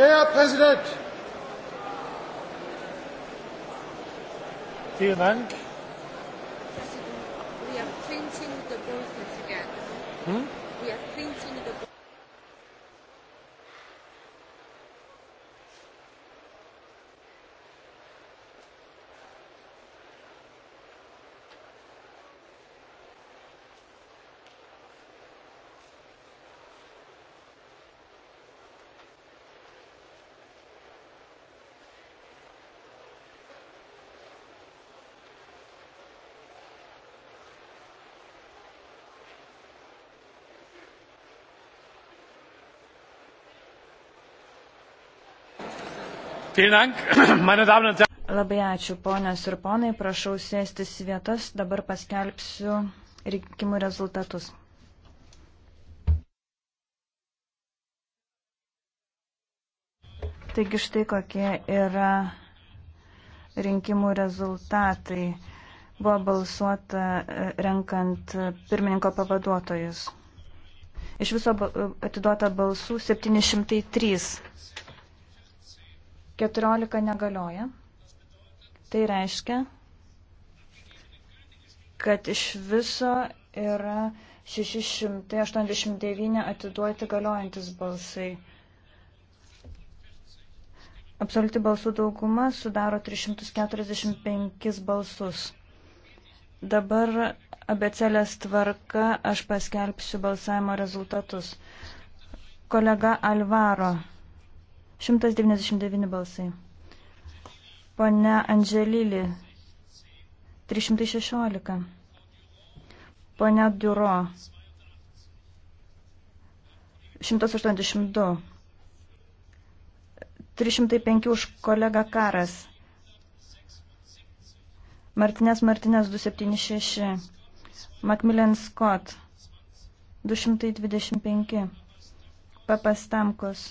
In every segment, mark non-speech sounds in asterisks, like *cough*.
Der Präsident! Vielen Dank. President, we are printing the bulletins again. Hmm? We are printing the *clears throat* Labai ačiū, ponios ir ponai, prašau sėstis vietas, dabar paskelbsiu rinkimų rezultatus. Taigi štai kokie yra rinkimų rezultatai. Buvo balsuota e, renkant pirmininko pavaduotojus. Iš viso e, atiduota balsų 703. 14 negalioja. Tai reiškia, kad iš viso yra 689 atiduoti galiojantis balsai. Absoliuti balsų dauguma sudaro 345 balsus. Dabar abecelės tvarka aš paskelbsiu balsavimo rezultatus. Kolega Alvaro 199 balsai. Pone Andželylį 316. Pone Duro 182. 305 už kolega Karas. Martinės Martinės 276. Macmillan Scott 225. Papastamkos 225.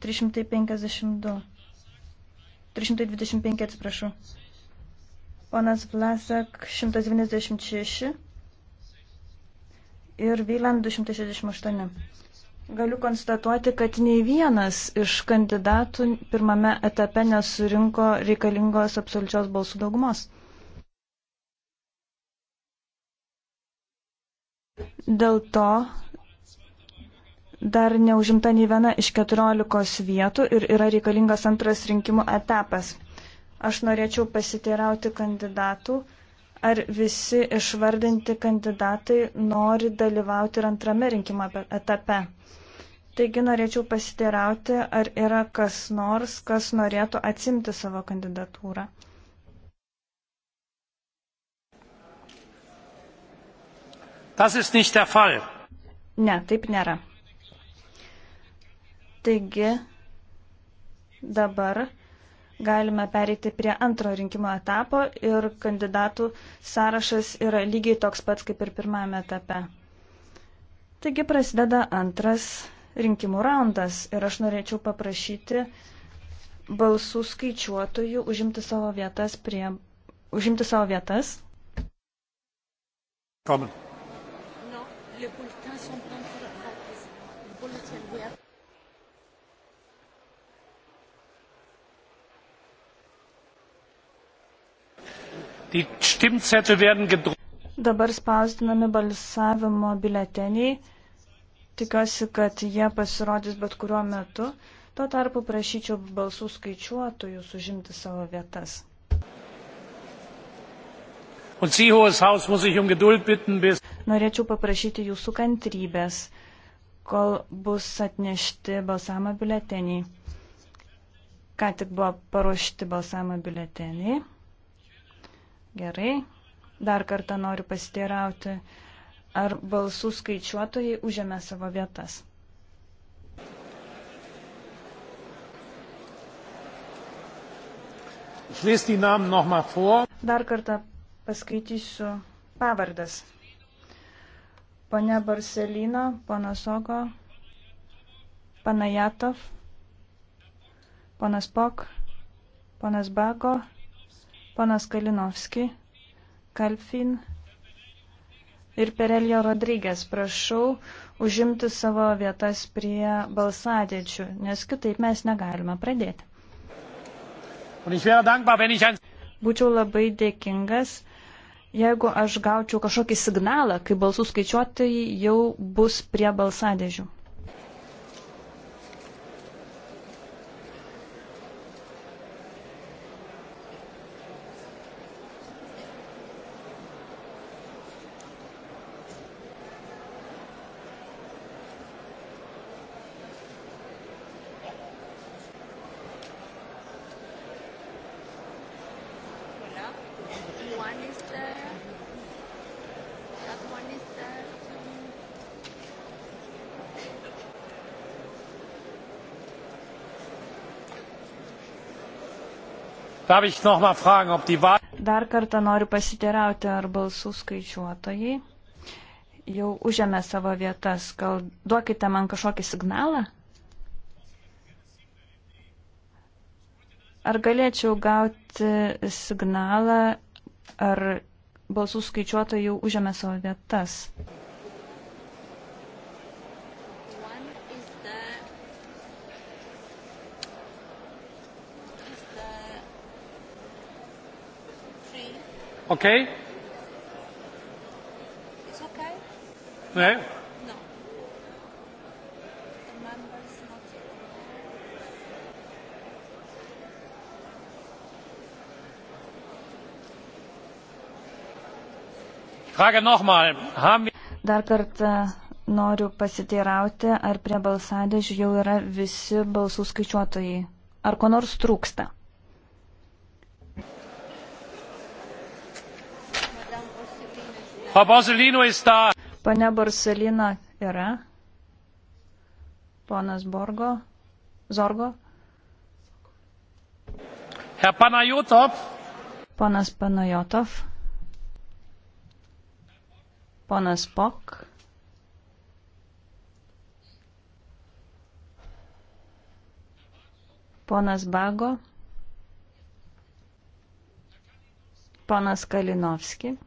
352. 325 atsiprašau. Ponas Vlasak 196 ir Vyland 268. Galiu konstatuoti, kad nei vienas iš kandidatų pirmame etape nesurinko reikalingos absoliučios balsų daugumos. Dėl to dar neužimta nei viena iš keturiolikos vietų ir yra reikalingas antras rinkimų etapas. Aš norėčiau pasiteirauti kandidatų, ar visi išvardinti kandidatai nori dalyvauti ir antrame rinkimo etape. Taigi norėčiau pasiteirauti, ar yra kas nors, kas norėtų atsimti savo kandidatūrą. Das ist nicht der Fall. Ne, taip nėra. Taigi dabar galime pereiti prie antro rinkimo etapo ir kandidatų sąrašas yra lygiai toks pats kaip ir pirmame etape. Taigi prasideda antras rinkimų raundas ir aš norėčiau paprašyti balsų skaičiuotojų užimti savo vietas prie. Užimti savo vietas. Comment. Dabar spausdinami balsavimo biuleteniai. Tikiuosi, kad jie pasirodys bet kuriuo metu. Tuo tarpu prašyčiau balsų skaičiuotojus užimti savo vietas. Um Norėčiau paprašyti jūsų kantrybės, kol bus atnešti balsavimo biuleteniai. Ką tik buvo paruošti balsavimo biuleteniai. Gerai. Dar kartą noriu pasiteirauti, ar balsų skaičiuotojai užėmė savo vietas. Dar kartą paskaitysiu pavardas. Pane Barcelino, panas Oko, panajatov, panas Pok, panas Bago. Panas Kalinovski, Kalfin ir Perelio Rodrygės, prašau užimti savo vietas prie balsadėčių, nes kitaip mes negalime pradėti. Būčiau labai dėkingas, jeigu aš gaučiau kažkokį signalą, kai balsų skaičiuotojai jau bus prie balsadėžių. Dar kartą noriu pasiteirauti, ar balsų skaičiuotojai jau užėmė savo vietas. Gal duokite man kažkokį signalą? Ar galėčiau gauti signalą, ar balsų skaičiuotojai jau užėmė savo vietas? Okay? It's okay? Yeah? No. The member is not Frage nochmal. Haben Dar kartą noriu pasiteirauti, ar prie balsadėžių jau yra visi balsų skaičiuotojai. Ar ko nors trūksta? Pane Borsalino yra. Ponas Borgo. Zorgo. Herr Panajotov. Ponas Panajotov. Ponas Pok. Ponas Bago. Ponas Kalinovski.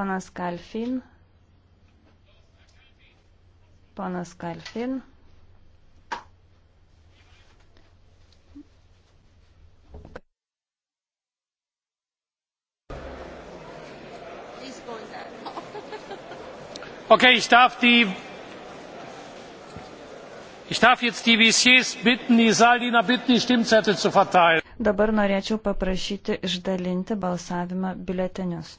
Ponas Kalfin. Ponas Kalfin. Okay, ich darf die ich darf jetzt die VCs bitten, die Saaldiener bitten, die Stimmzettel zu verteilen. Dabar norėčiau paprašyti išdalinti balsavimą biuletenius.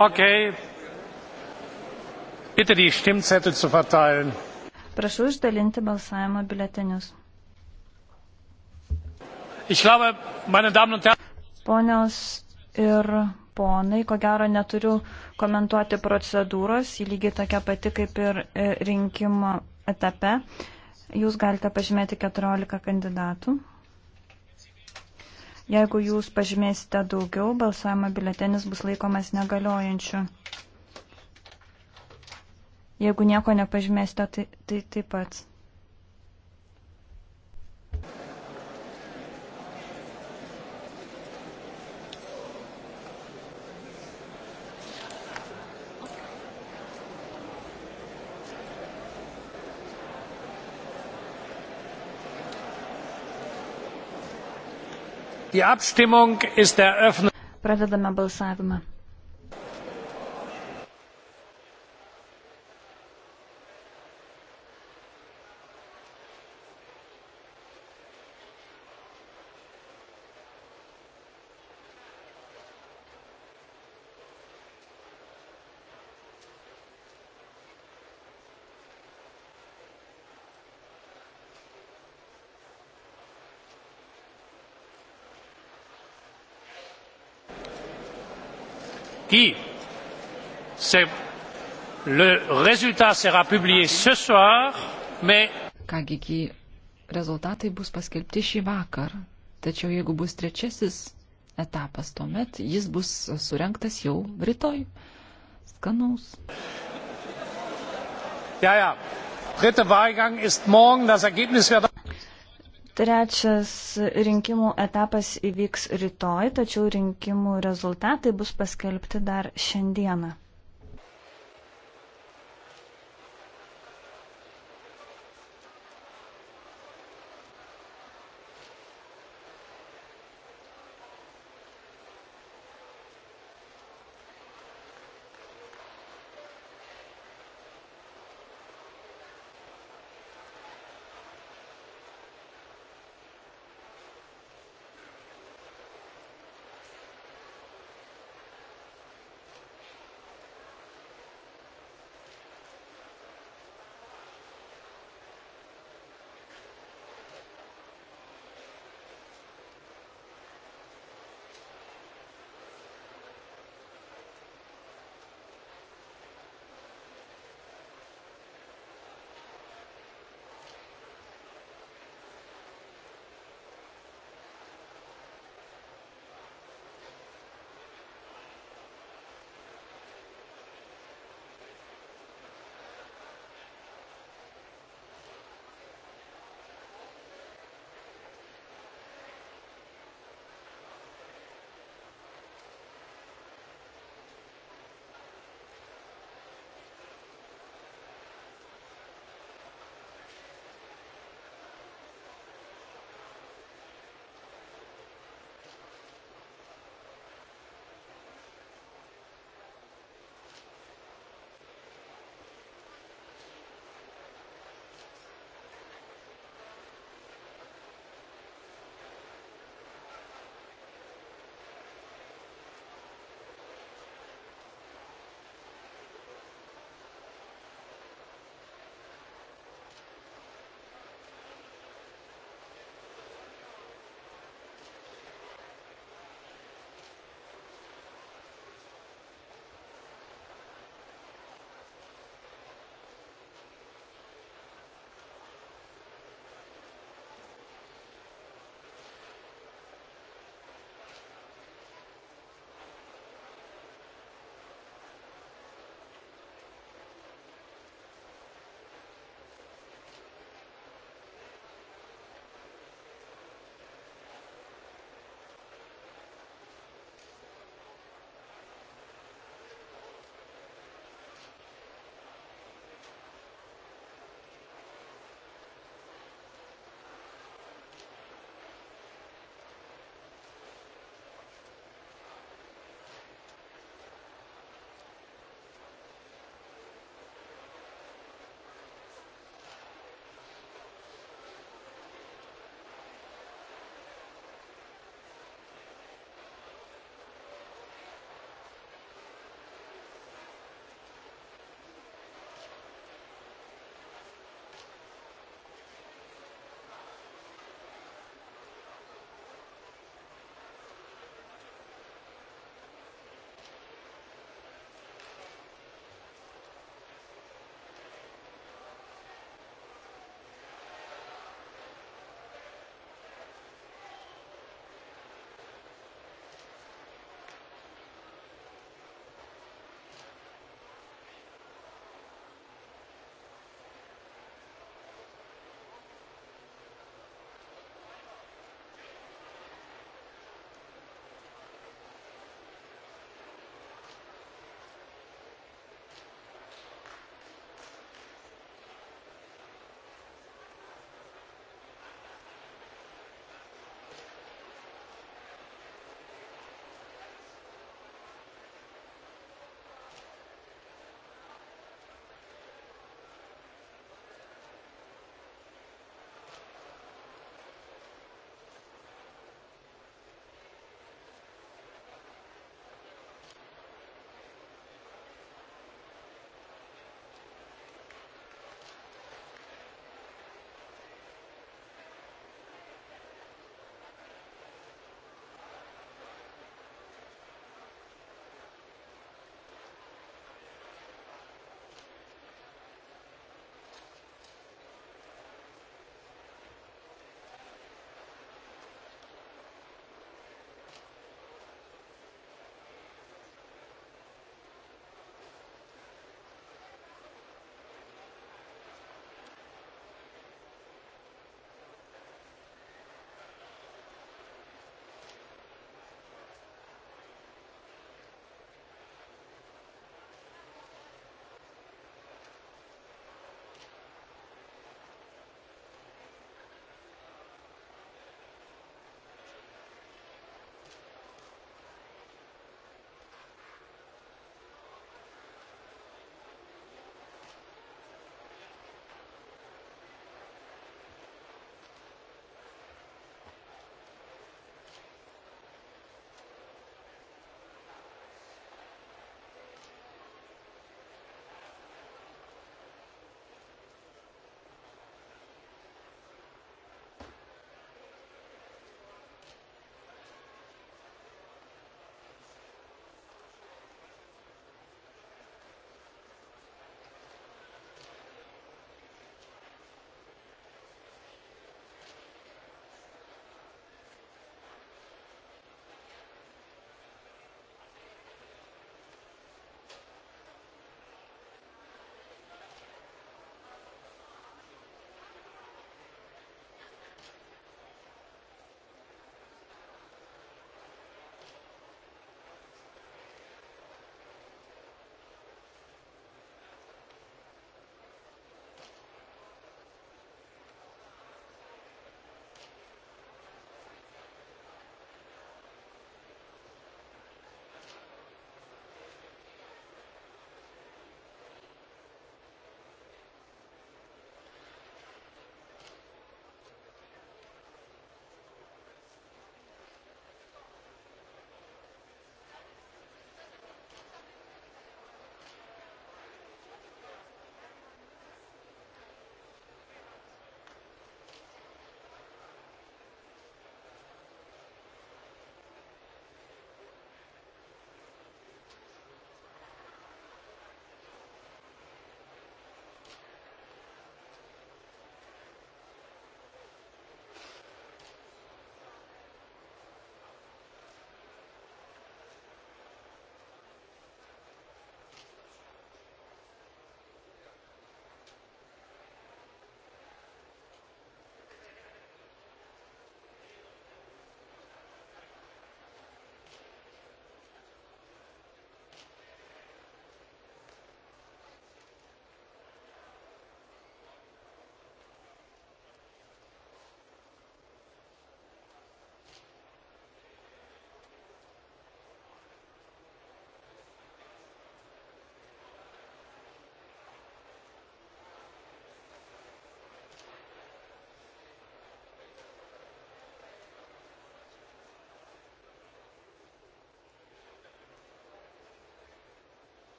Okay. Bitte die Stimmzettel zu verteilen. Prašau išdalinti balsavimo biuletenius. Ich glaube, meine Damen und Herren. Ponios ir ponai, ko gero neturiu komentuoti procedūros, ji lygiai tokia pati kaip ir e, rinkimo etape. Jūs galite pažymėti 14 kandidatų. Jeigu jūs pažymėsite daugiau, balsuojama biletenis bus laikomas negaliojančiu. Jeigu nieko nepažymėsite, tai, tai taip pat. Pradedame balsavimą. qui le résultat sera publié ce soir, mais Kągi, ki rezultatai bus paskelbti šį vakar, tačiau jeigu bus trečiasis etapas, tuomet jis bus surinktas jau rytoj. Skanaus. Ja, ja. Dritter Wahlgang ist morgen. Das Ergebnis wird Trečias rinkimų etapas įvyks rytoj, tačiau rinkimų rezultatai bus paskelbti dar šiandieną.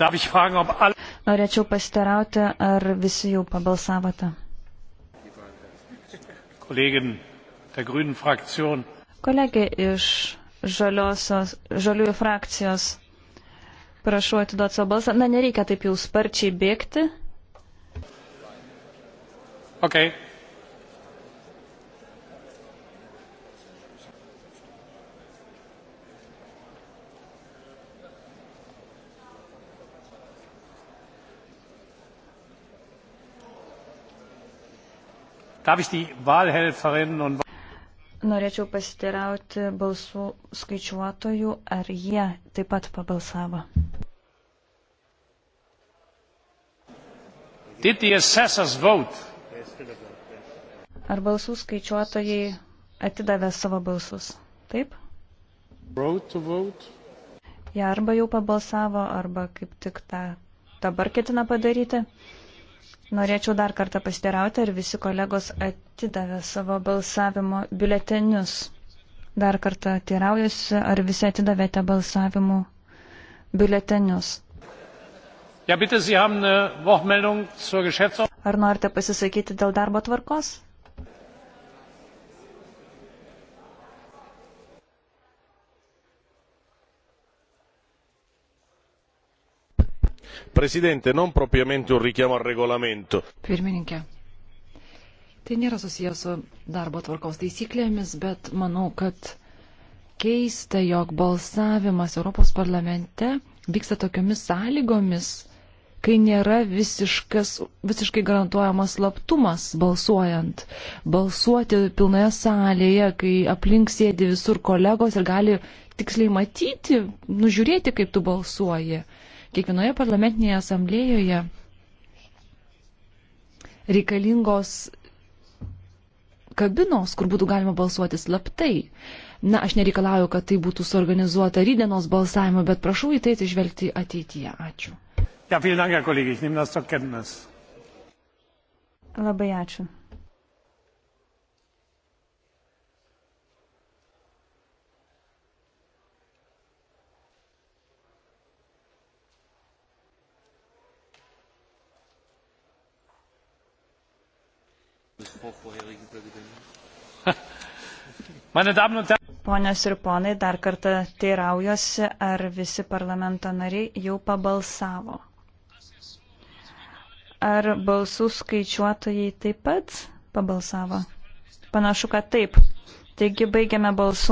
Norėčiau pasitarauti, ar visi jau pabalsavote. Kolegė iš žaliosios, žaliųjų frakcijos, prašau atiduoti savo balsą. Na, nereikia taip jau sparčiai bėgti. Okay. Norėčiau pasiteirauti balsų skaičiuotojų, ar jie taip pat pabalsavo. Ar balsų skaičiuotojai atidavė savo balsus? Taip? Jie ja, arba jau pabalsavo, arba kaip tik tą dabar ketina padaryti. Norėčiau dar kartą pasiteirauti, ar visi kolegos atidavė savo balsavimo biuletenius. Dar kartą teiraujuosi, ar visi atidavėte balsavimo biuletenius. Ja, bitte, Sie haben eine Wortmeldung zur Geschäftsordnung. Ar norite pasisakyti dėl darbo tvarkos? Presidente, non propriamente un richiamo al regolamento. Pirmininkė. Tai nėra susijęs su darbo tvarkos taisyklėmis, bet manau, kad keista, jog balsavimas Europos parlamente vyksta tokiomis sąlygomis, kai nėra visiškas, visiškai garantuojamas slaptumas balsuojant. Balsuoti pilnoje salėje, kai aplink sėdi visur kolegos ir gali tiksliai matyti, nužiūrėti, kaip tu balsuoji kiekvienoje parlamentinėje asamblėjoje reikalingos kabinos, kur būtų galima balsuoti slaptai. Na, aš nereikalauju, kad tai būtų suorganizuota rydienos balsavimo, bet prašau į tai atsižvelgti ateityje. Ačiū. Ja, Dank, Herr Kollege. Ich nehme das zur Kenntnis. Labai ačiū. *laughs* Ponios ir ponai, dar kartą teiraujosi, ar visi parlamento nariai jau pabalsavo. Ar balsų skaičiuotojai taip pat pabalsavo? Panašu, kad taip. Taigi baigiame balsuoti.